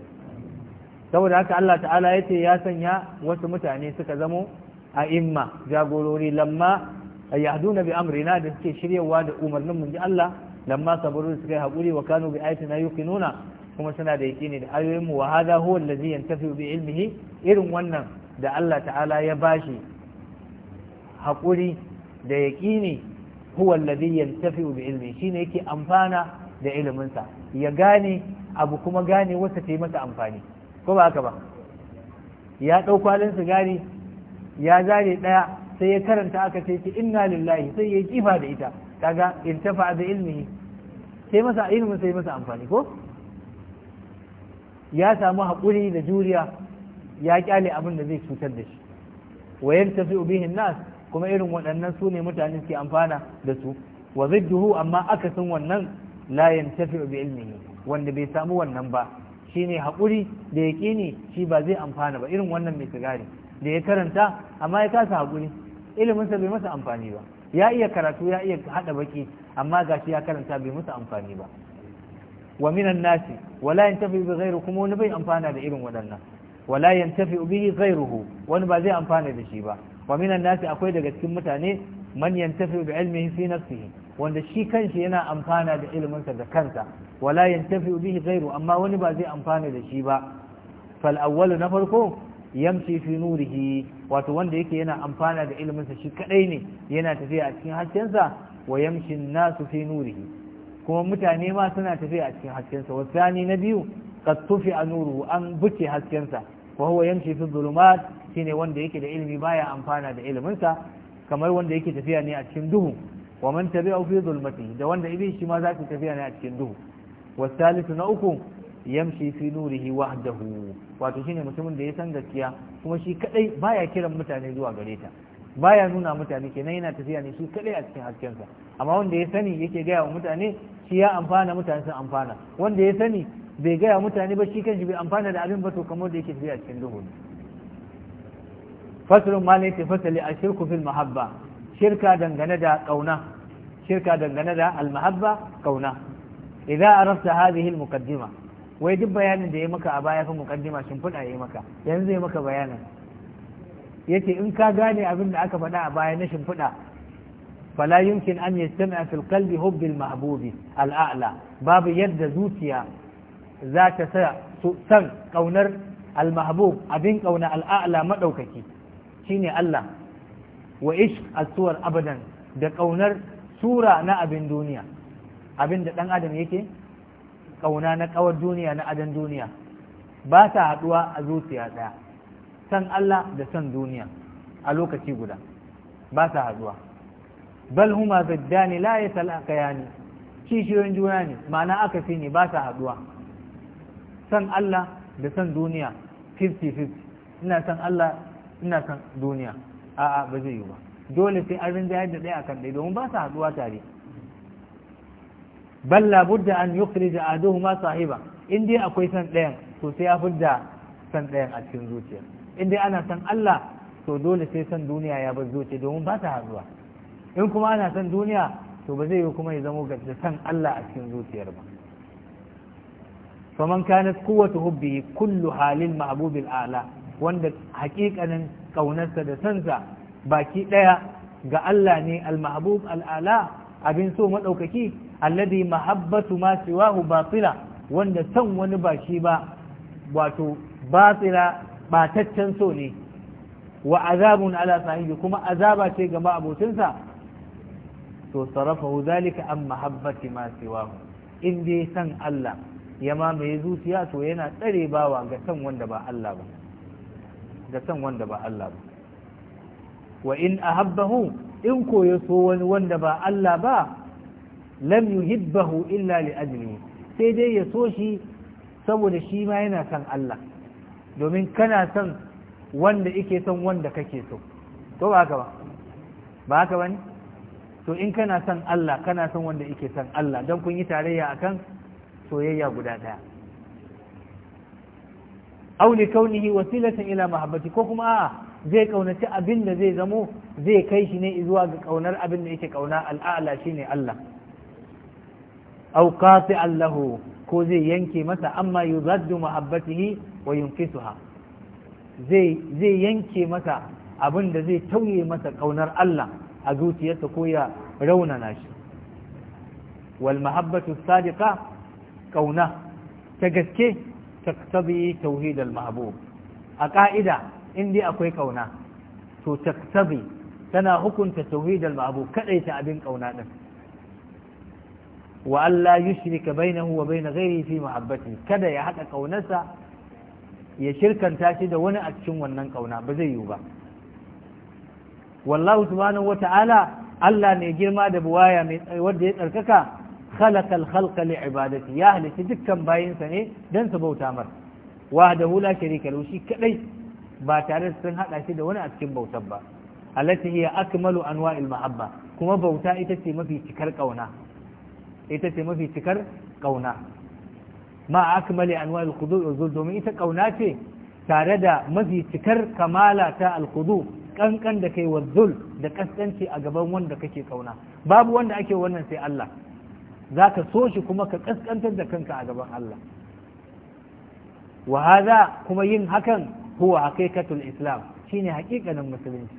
saboda haka Allah ta'ala ya ce ya sanya wasu mutane suka zamo a imma jagorori lamma yahduna bi amrina da suke shiryawa da umarnin mu ji Allah lamma sabaru suka yi hakuri wa kanu bi ayatina yuqinuna kuma suna da yaqini da ayoyin mu wa hadha huwa allazi yantafi bi ilmihi irin wannan da Allah ta'ala ya bashi hakuri da yaqini huwa alladhi yantafi'u bi ilmi shine yake amfana da iliminsa ya gane abu kuma gane wata ta masa amfani ko ba haka ba ya ɗauko halin sigari ya zare ɗaya sai ya karanta aka ce ki inna lillahi sai ya kifa da ita kaga irtafa da ilmi sai sai masa amfani ko ya samu haƙuri da juriya ya kyale abin da zai cutar da shi wa ubi bihin nas kuma irin waɗannan su ne mutane suke amfana da su wa zidduhu amma akasin wannan la yantafi bi ilmihi wanda bai samu wannan ba shine hakuri da ne, shi ba zai amfana ba irin wannan mai sigari da ya karanta amma ya kasa ilimin iliminsa bai masa amfani ba ya iya karatu ya iya haɗa baki amma gashi ya karanta bai masa amfani ba wa minan nasi wala yantafi bi ghairu kuma wani bai amfana da irin waɗannan wala yantafi bihi ghairuhu wani ba zai amfana da shi ba wa minan nasi akwai daga cikin mutane man yantafi bi ilmihi fi nafsihi wanda shi kanshi yana amfana da sa da kansa wala yantafi bihi ghairu amma wani ba zai amfana da shi ba fal awwalu na farko yamshi fi nurihi wato wanda yake yana amfana da iliminsa shi kadai ne yana tafiya a cikin haskensa wa yamshi nasu fi nurihi kuma mutane ma suna tafiya a cikin haskensa wasani na biyu qad tufi nuru an buke haskensa wa huwa yamshi fi dhulumat shine wanda yake da ilimi baya amfana da iliminsa kamar wanda yake tafiya ne a cikin duhu wa man tabi'a fi zulmati da wanda ibi shi ma zaki tafiya ne a cikin duhu salisu na uku yamshi fi nurihi wahdahu wato shine mutumin da ya san gaskiya kuma shi kadai baya kiran mutane zuwa gare ta baya nuna mutane kenan yana tafiya ne shi kadai a cikin haskensa amma wanda ya sani yake gaya wa mutane shi ya amfana mutane sun amfana wanda ya sani bai gaya mutane ba shi kanshi bai amfana da abin ba to kamar da yake tafiya a cikin duhu fasalin ma ne fasali a shirku fil mahabba shirka dangane da kauna shirka dangane da almahabba kauna idan arafta hadhihi almuqaddima wai duk bayanin da ya maka a baya kan muqaddima shin fada ya maka yanzu ya maka bayanin yace in ka gane abin da aka faɗa a baya na shimfiɗa fala yumkin an yastami'a fil qalbi hubbil mahbubi al'a'la babu yadda zuciya za ta sa san kaunar al abin kauna al'a'la madaukaki shine Allah wa ish asuwar abadan da kaunar sura na abin duniya abin da dan adam yake kauna na kawar duniya na adan duniya ba ta haduwa a zuciya daya san Allah da san duniya a lokaci guda ba ta haduwa bal huma zaddani la yatalaqayani kishiyoyin juna ne ma'ana aka fi ne ba ta haduwa san Allah da san duniya 50-50 ina san Allah ina son duniya a'a ba zai yi ba dole sai an rinjayar da ɗaya akan ɗaya domin ba su haɗuwa tare bal labudda an yukhrij ahaduhuma sahiba in dai akwai san ɗayan to sai ya fidda san ɗayan a cikin zuciya in dai ana san Allah to dole sai san duniya ya bar zuciya domin ba ta haɗuwa in kuma ana san duniya to ba zai yi kuma ya zamo ga san Allah a cikin zuciyar ba faman kanat quwwatu hubbi kullu halil mahbubil a'la wanda hakikanin ƙaunarsa da sansa baki ɗaya ga Allah ne al-mahbub al abin so maɗaukaki alladhi mahabbatu ma siwahu batila wanda san wani ba shi ba wato batila ɓataccen so ne wa azabun ala sahibi kuma azaba ce ga abotinsa to sarafahu zalika an mahabbati ma siwahu in dai san Allah ya mamaye zuciya to yana tsare bawa ga san wanda ba Allah ba da san wanda ba Allah ba wa in ahabbahu in ko ya wani wanda ba Allah ba lam yuhibbahu illa li ajli sai dai ya so shi saboda shi ma yana san Allah domin kana san wanda yake san wanda kake so to ba haka ba ba haka bane to in kana san Allah kana san wanda yake san Allah dan kun yi tarayya akan soyayya guda daya aw li kaunihi wasilatan ila mahabbati ko kuma a'a zai kaunaci abin da zai zamo zai kai shi ne zuwa ga kaunar abin da yake kauna al'ala shine Allah aw qati'an allahu ko zai yanke masa amma yuzaddu mahabbatihi wa yunkisuha zai zai yanke masa abin da zai tauye masa kaunar Allah a zuciyarsa ko ya raunana shi wal mahabbatu sadiqa kauna ta gaske taktabi tauhid al-mahbub a ƙa'ida in dai akwai ƙauna, to taktabi tana hukunta tauhid al-mahbub ta abin ƙauna ɗin. wa alla yushrika bainahu wa bain ghairihi fi mahabbati kada ya haɗa ƙaunarsa ya shirkanta shi da wani a cikin wannan ƙauna ba zai yiwu ba wallahu subhanahu wata'ala Allah ne girma da buwaya mai wanda ya tsarkaka خلق الخلق لعبادته يا أهل تدكا باين سنة دنس بوتا مر وحده لا شريك له شيء كلي باتارد سنها لا شيء وانا أتكن بوتبا التي هي أكمل أنواع المحبة كما بوتا إتتي ما في تكر قونا إتتي ما في تكر قونا ما أكمل أنواع الخضوع والذل دومي إتا قوناتي تاردا ما في تكر كمالا تا الخضوع كان كان دكي والذل دكستنتي أقبان وان دكي قونا باب وان دكي وانا سي الله za ka so shi kuma ka ƙasƙantar da kanka a gaban Allah wa kuma yin hakan huwa haqiqatul islam shine haƙiƙanin musulunci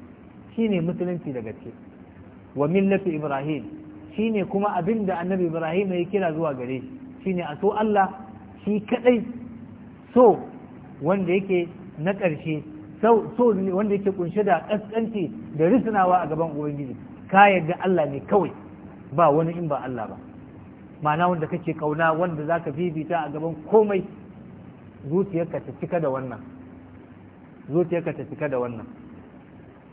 shine musulunci daga gaske wa millati ibrahim shine kuma abin da annabi ibrahim ya kira zuwa gare shi shine a so Allah shi kaɗai. so wanda yake na ƙarshe so wanda yake kunshe da ƙasƙanci da risnawa a gaban ubangiji ka yarda Allah ne kawai ba wani in ba Allah ba ma'ana wanda kake kauna wanda za ka fifita a gaban komai zuciyarka ta cika da wannan zuciyarka ta cika da wannan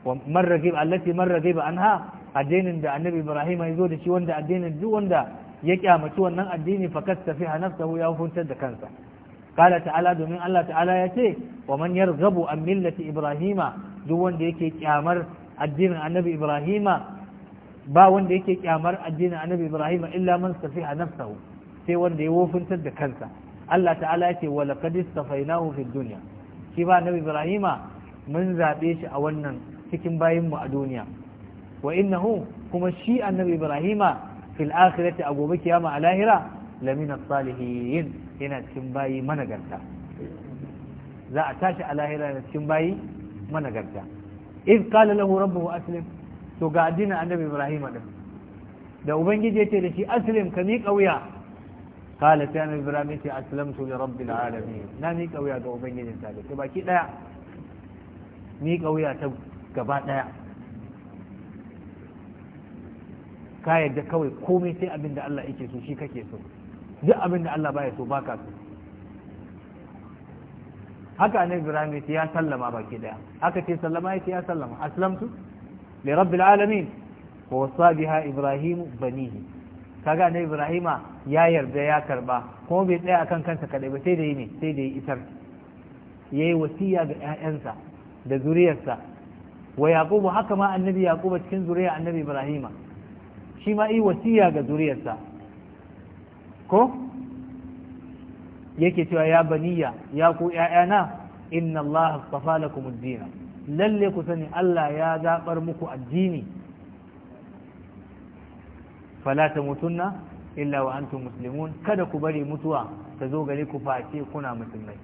man ragib allati man anha addinin da annabi ibrahim ya zo da shi wanda addinin duk wanda ya kyamaci wannan addini fakat tafiha nafsahu ya hutar da kansa قال تعالى domin Allah ta'ala ya ce wa man yarghabu an millati ibrahima duk wanda yake kyamar addinin annabi ibrahima ba wanda yake kyamar addinin annabi ibrahim illa man safiha nafsahu sai wanda ya wofintar da kansa Allah ta'ala ya ce wa laqad istafainahu fid dunya shi ba annabi Ibrahim mun zabe shi a wannan cikin bayin mu a duniya wa innahu kuma shi annabi ibrahima fil akhirati a gobe kiyama a lahira lamina salihin yana cikin bayi managarta za a tashi a lahira cikin bayi managarta إذ قال له ربه أسلم to ga addinin annabi ibrahim din da ubangiji ya ce da shi aslim ka miƙa wuya kala ta annabi ibrahim ya ce aslamtu li rabbil alamin na miƙa wuya ga ubangijin ta da baki daya miƙa wuya ta gaba daya ka yadda kawai komai sai abin da Allah yake so shi kake so duk abin da Allah baya so baka so haka annabi ibrahim ya sallama baki daya haka ce sallama ya ce ya sallama aslamtu لرب العالمين ووصى بها إبراهيم بنيه kaga na Ibrahima ya yarda ya karba kuma bai tsaya akan kansa kadai ba sai da yi ne sai da yi isar yayi wasiya ga ƴaƴansa da zuriyarsa wa yaqubu haka ma annabi yaquba cikin zuriya annabi Ibrahima shi ma yi wasiya ga zuriyarsa ko yake cewa ya baniya ya ku ƴaƴana inna Allah astafa lakum ad-din lalle ku sani Allah ya zaɓar muku addini fala mutunna illa wa antum muslimun kada ku bari mutuwa ta zo gare ku face kuna musulmai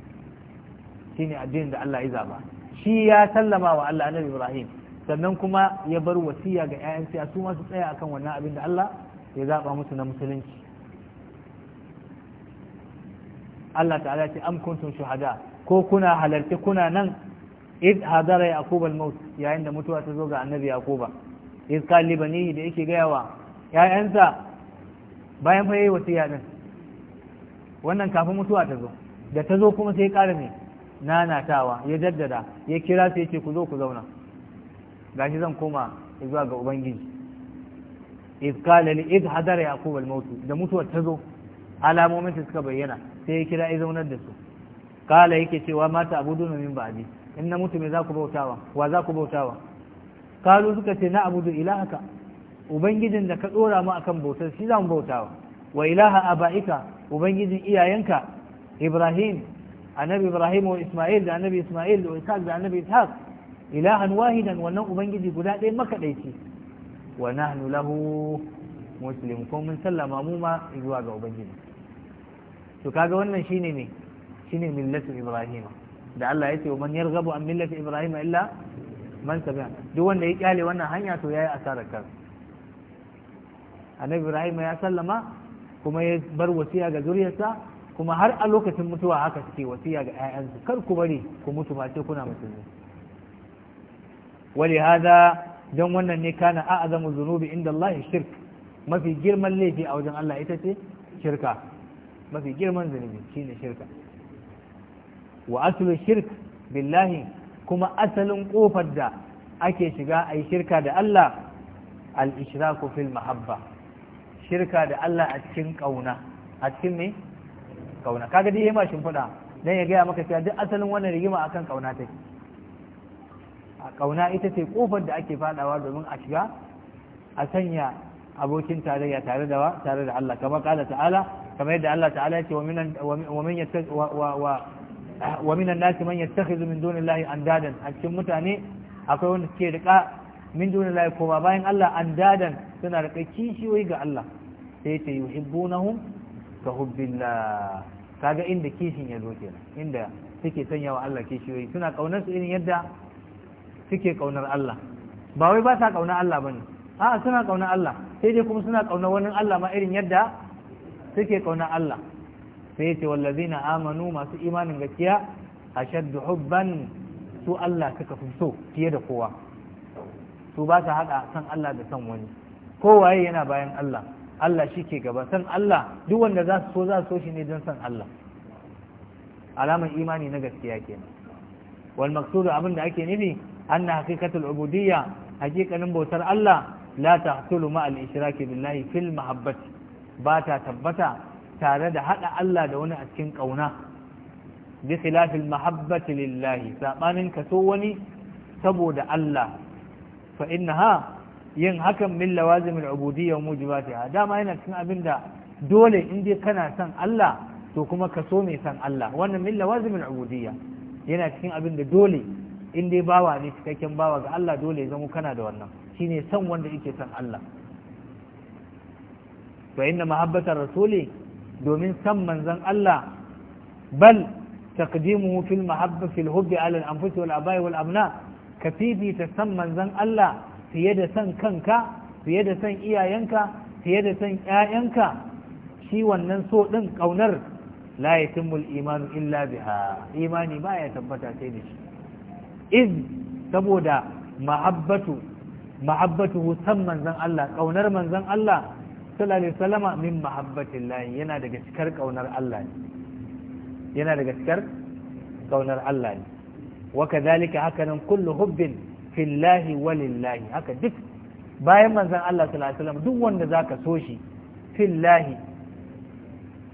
shine addinin da Allah ya zaba shi ya sallama wa Allah annabi Ibrahim sannan kuma ya bar wasiya ga siya, su ma su tsaya akan wannan abin da Allah ya zaba musu na musulunci Allah ta'ala ce am kuntum shuhada ko kuna halarci kuna nan id hadara yaquba almaut maut yayin da mutuwa ta zo ga annabi yaquba iz kali bani da yake gaya wa ya'yansa bayan fa yayi wasiya din wannan kafin mutuwa ta zo da ta zo kuma sai ƙara ne nanatawa ya jaddada ya kira sai yake ku zo ku zauna gashi zan koma zuwa ga ubangiji iz qala li id hadara yaquba almaut da mutuwa ta zo alamomin suka bayyana sai ya kira ya zaunar da su kala yake cewa mata abudu min ba'di in na mutu me za ku bautawa wa za ku bautawa kalu suka ce na abudu ilahaka ubangijin da ka dora mu akan bautar shi za mu bautawa wa ilaha aba'ika ubangijin iyayenka ibrahim annabi ibrahim wa isma'il da annabi isma'il da isaac da annabi ishaq ilahan wahidan wannan ubangiji guda ɗaya makadaici wa nahnu lahu muslim ko mun sallama mu ma zuwa ga ubangiji to kaga wannan shine ne shine millatul ibrahima da Allah ya ce man yarghabu an millati ibrahim illa man tabi'a duk wanda ya kyale wannan hanya to yayi asarar kan annabi ibrahim ya sallama kuma ya bar wasiya ga zuriyarsa kuma har a lokacin mutuwa haka suke wasiya ga 'ya'yansu kar ku bari ku mutu ba sai kuna mutunci wali hada don wannan ne kana a'azamu zunubi inda Allah shirk mafi girman laifi a wajen Allah ita ce shirka mafi girman zunubi shine shirka wa aslu shirk billahi kuma asalin kofar da ake shiga a yi shirka da Allah al'ishiraku ishraku fil mahabba shirka da Allah a cikin kauna a cikin ne kauna kaga dai yema shin fada dan ya gaya maka cewa duk asalin wannan rigima akan kauna take a kauna ita ce kofar da ake fadawa domin a shiga a sanya abokin tarayya tare da tare da Allah kamar ƙala ta'ala kamar yadda Allah ta'ala ya ce wa min wa min yattaqi wa wa minan nasi man yattakhidhu min dunillahi andadan a cikin mutane akwai wanda suke rika min dunillahi koma bayan Allah andadan suna rika kishiyoyi ga Allah sai ta yuhibbunahum ka hubbillah kaga inda kishin ya zo kenan inda suke sanya wa Allah kishiyoyi suna kaunar su irin yadda suke kaunar Allah ba wai ba sa kaunar Allah bane a'a suna kaunar Allah sai dai kuma suna kaunar wani Allah ma irin yadda suke kaunar Allah sai ce wallazina amanu masu imanin gaskiya ashaddu hubban su Allah suka fi so fiye da kowa su ba su hada san Allah da san wani kowaye yana bayan Allah Allah shi ke gaba san Allah duk wanda za su so za su so shi ne don san Allah alamar imani na gaskiya kenan wal maqsudu abin da ake nufi anna hakikatar ubudiyya hakikanin bautar Allah la tahsulu ma al ishraki billahi fil mahabbati ba ta tabbata tare da haɗa Allah da wani a cikin ƙauna bi khilafil mahabbati lillahi sabanin ka so wani saboda Allah fa innaha yin hakan min lawazimil ubudiyya wa mujibatiha dama yana cikin abinda dole in dai kana son Allah to kuma ka so mai son Allah wannan min lawazimil ubudiyya yana cikin abinda dole in dai bawa ne cikakken bawa ga Allah dole ya zama kana da wannan shine son wanda yake son Allah fa inna mahabbatar rasuli domin san manzan Allah bal taqdimuhu fil mahabba fil hubbi ala al anfus wal abai wal abna ka fifita san manzan Allah fiye da san kanka fiye da san iyayenka fiye da san ƴaƴanka shi wannan so din kaunar la yatimul imanu illa biha imani baya tabbata sai da shi iz saboda mahabbatu mahabbatuhu san manzan Allah kaunar manzan Allah sallallahu alaihi wasallama min layi yana daga cikar ƙaunar Allah ne yana daga cikar ƙaunar Allah ne wa kadhalika haka nan kullu hubbin fillahi walillahi haka duk bayan manzon Allah sallallahu alaihi duk wanda zaka so shi fillahi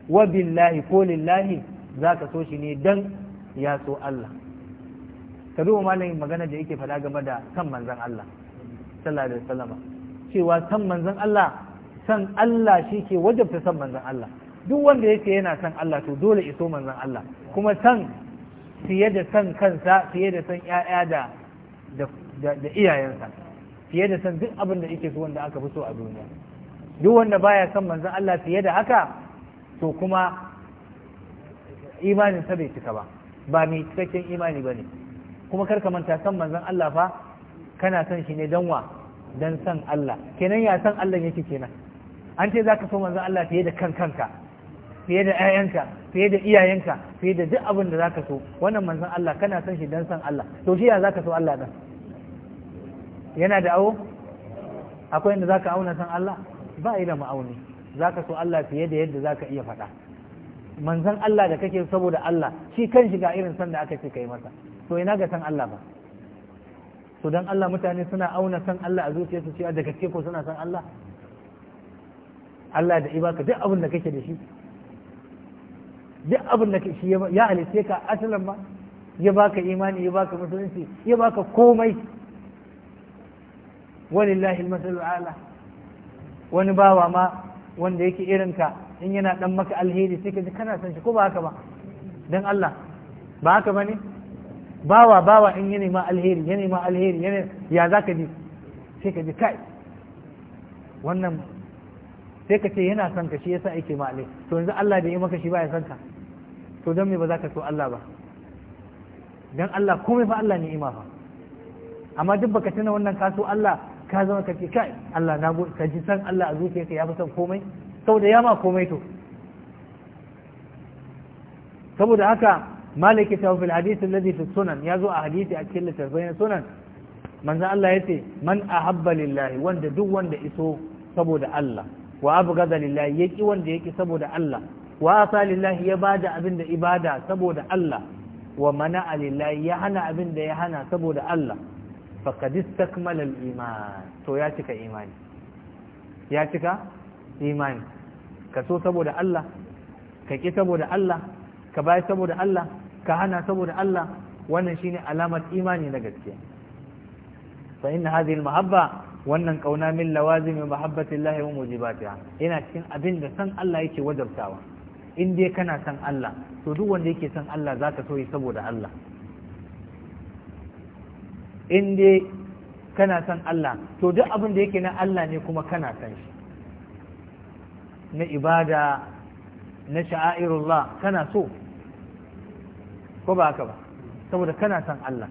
wa billahi ko lillahi zaka so shi ne dan ya so Allah ka duba malamin magana da yake faɗa game da kan manzon Allah sallallahu alaihi wasallama cewa san manzon Allah san Allah shi ke wajabta san manzan Allah duk wanda yake yana san Allah to dole iso manzan Allah kuma san fiye da san kansa fiye da san ‘ya'ya da da iyayensa fiye da san duk abin da yake so wanda aka fi so a duniya duk wanda baya san manzan Allah fiye da haka to kuma imanin sa bai cika ba ba mai cikakken imani ba ne kuma karka manta san manzan Allah fa kana san shi ne don wa don san Allah kenan ya san Allah yake kenan an ce za ka so manzon Allah fiye da kan kanka fiye da ƴaƴanka fiye da iyayenka fiye da duk abin da zaka so wannan manzon Allah kana son shi dan san Allah to shi ya zaka so Allah dan yana da awo akwai inda zaka auna san Allah ba yi da ma'auni zaka so Allah fiye da yadda zaka iya faɗa manzon Allah da kake saboda Allah shi kan shi ga irin san da aka ce kai masa to ina ga san Allah ba to dan Allah mutane suna auna san Allah a zuciyarsu cewa da gaske ko suna san Allah Allah da ibaka duk abin da kake da shi duk abin da shi ya halitte ka asalan ba ya baka imani ya baka musulunci ya baka komai walillahi almasalu ala wani bawa ma wanda yake irin ka in yana dan maka alheri sai ka ji kana son shi ko ba haka ba dan Allah ba haka ba ne bawa bawa in yana ma alheri yana ma alheri yana ya zaka ji sai ka ji kai wannan sai ka ce yana son ka shi yasa yake ma alai to yanzu Allah bai yi maka shi ba ya son ka to don me ba za ka so Allah ba Don Allah komai fa Allah ni'ima fa amma duk baka tuna wannan ka so Allah ka zama ka ce kai Allah na ka ji san Allah a zuciyarka ya fi son komai saboda ya ma komai to saboda haka maliki ta fil hadith alladhi fi sunan yazo a hadisi a cikin littafin sunan manzo Allah yace man ahabba lillahi wanda duk wanda iso saboda Allah wa abghada lillahi yaki wanda yaki saboda Allah wa asa lillahi ya bada abin da ibada saboda Allah wa mana'a lillahi ya hana abin da ya hana saboda Allah faqad istakmala al-iman to ya cika imani ya cika imani ka so saboda Allah ka ki saboda Allah ka bai saboda Allah ka hana saboda Allah wannan shine alamar imani na gaskiya fa inna hadhihi al-mahabba wannan kauna min lawazimi mahabbatillahi wa mujibatiha yana cikin abin da san Allah yake wajabtawa in dai kana san Allah to duk wanda yake san Allah zaka so yi saboda Allah in dai kana san Allah to duk abin da yake na Allah ne kuma kana san shi na ibada na sha'airullah kana so ko ba haka ba saboda kana san Allah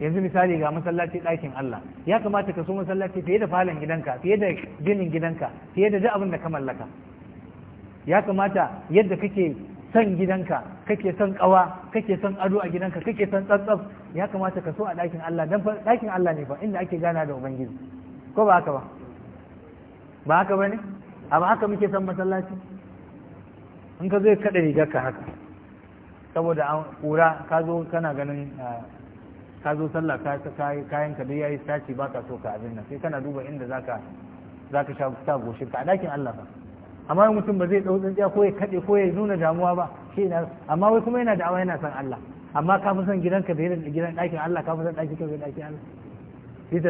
yanzu misali ga masallaci ɗakin Allah ya kamata ka so masallaci fiye da falon gidanka fiye da ginin gidanka fiye da duk abin da ka mallaka ya kamata yadda kake son gidanka kake son ƙawa kake son ado a gidanka kake son tsatsaf ya kamata ka so a ɗakin Allah dan ɗakin Allah ne fa inda ake gana da ubangiji ko ba haka ba ba haka ba ne amma haka muke son masallaci in ka zo ka kada rigar ka haka saboda an kura ka zo kana ganin ah, ka zo sallah ka kayan ka yi yayi ba baka so ka abin nan sai kana duba inda zaka zaka sha sa goshi ka a dakin Allah ba amma mutum ba zai dau tsintsiya ko ya kade ko ya nuna damuwa ba shi na amma wai kuma yana da awa yana san Allah amma ka fi son gidanka da gidan dakin Allah ka fi son dakin ka da dakin Allah bisa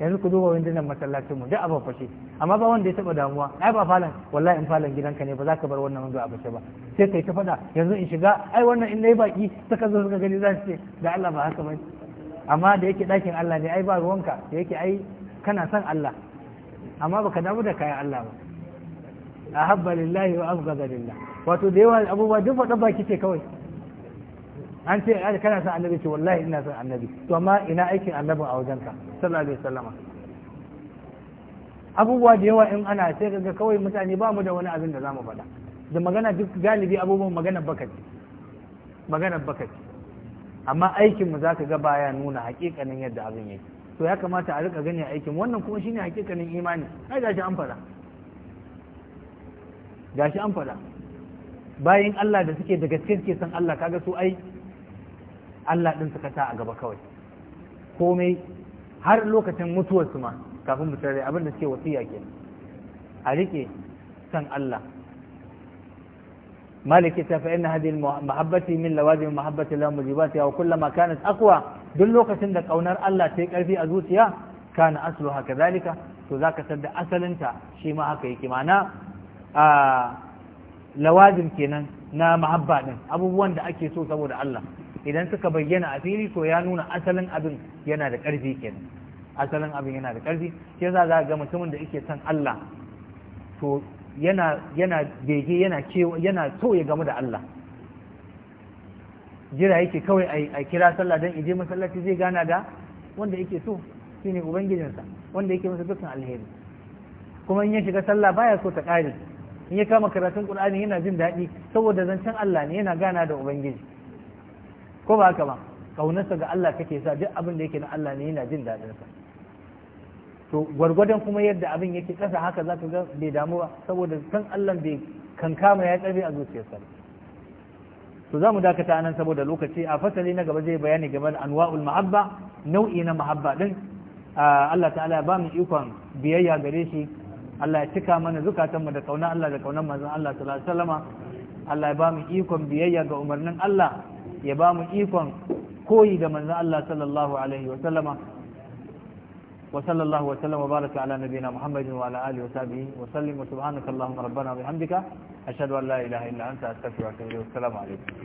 yanzu ku duba wani masallacin mu duk a bafashe amma ba wanda ya taba damuwa ai ba falan wallahi in falan gidanka ne ba za ka bar wannan wanda a bace ba sai kai ta fada yanzu in shiga ai wannan in yi baki suka zo suka gani za su ce da Allah ba haka bane amma da yake dakin Allah ne ai ba ruwanka da yake ai kana son Allah amma baka damu da kayan Allah ba ahabba lillahi wa afghada lillah wato da yawa abubuwa duk faɗa baki ce kawai an ce ai kana son annabi ce wallahi ina son annabi to amma ina aikin annabin a wajenka sallallahu alaihi wasallama abubuwa da yawa in ana sai ga kawai mutane ba mu da wani abin da zamu faɗa da magana duk galibi abubuwan magana bakati magana bakati amma aikin mu zaka ga baya nuna hakikanin yadda abin yake to ya kamata a rika gani aikin wannan kuma shine hakikanin imani ai gashi an faɗa gashi an faɗa bayan Allah da suke da gaske suke san Allah kaga su ai Allah ɗin suka ta gaba kawai. Komai har lokacin mutuwarsu ma kafin mutuwar rai abinda ce wasu ke a riƙe san Allah. Maliki ta fi ina hadin mahabbaci min lawazin mahabbaci lamu ziba ta yawa kula ma kanas akwa duk lokacin da ƙaunar Allah ta yi ƙarfi a zuciya kana asalu haka zalika to za ka san da asalinta shi ma haka yake ma'ana lawazin kenan na mahabba ɗin abubuwan da ake so saboda Allah idan suka bayyana a fili to ya nuna asalin abin yana da ƙarfi kenan asalin abin yana da ƙarfi shi yasa za ga mutumin da yake son Allah to yana yana bege yana kewa yana so ya gamu da Allah jira yake kawai a kira sallah dan ije masallaci zai gana da wanda yake so shine ubangijinsa wanda yake masa dukkan alheri kuma in ya shiga sallah baya so ta ƙare in ya kama karatun Qur'ani yana jin daɗi saboda zancen Allah ne yana gana da ubangiji ko ba haka ba kaunarsa ga Allah kake sa duk abin da yake na Allah ne yana jin daɗin sa to gwargwadon kuma yadda abin yake kasa haka za ka ga bai damu ba saboda san Allah bai kankama ya tsare a zuciyarsa to za mu dakata nan saboda lokaci a fasali na gaba zai bayani game da anwa'ul mahabba nau'i na mahabba din Allah ta'ala ba mu ikon biyayya gare shi Allah ya cika mana zukatanmu da kauna Allah da kaunan manzon Allah sallallahu alaihi wasallama Allah ya ba mu ikon biyayya ga umarnin Allah ya ba mu ikon koyi da manzon Allah sallallahu alaihi wa sallama wa sallallahu wa sallama baraka ala nabiyina Muhammadin wa ala alihi wa sahbihi wa sallim wa subhanaka allahumma rabbana wa bihamdika ashhadu an la ilaha illa anta astaghfiruka wa atubu ilaik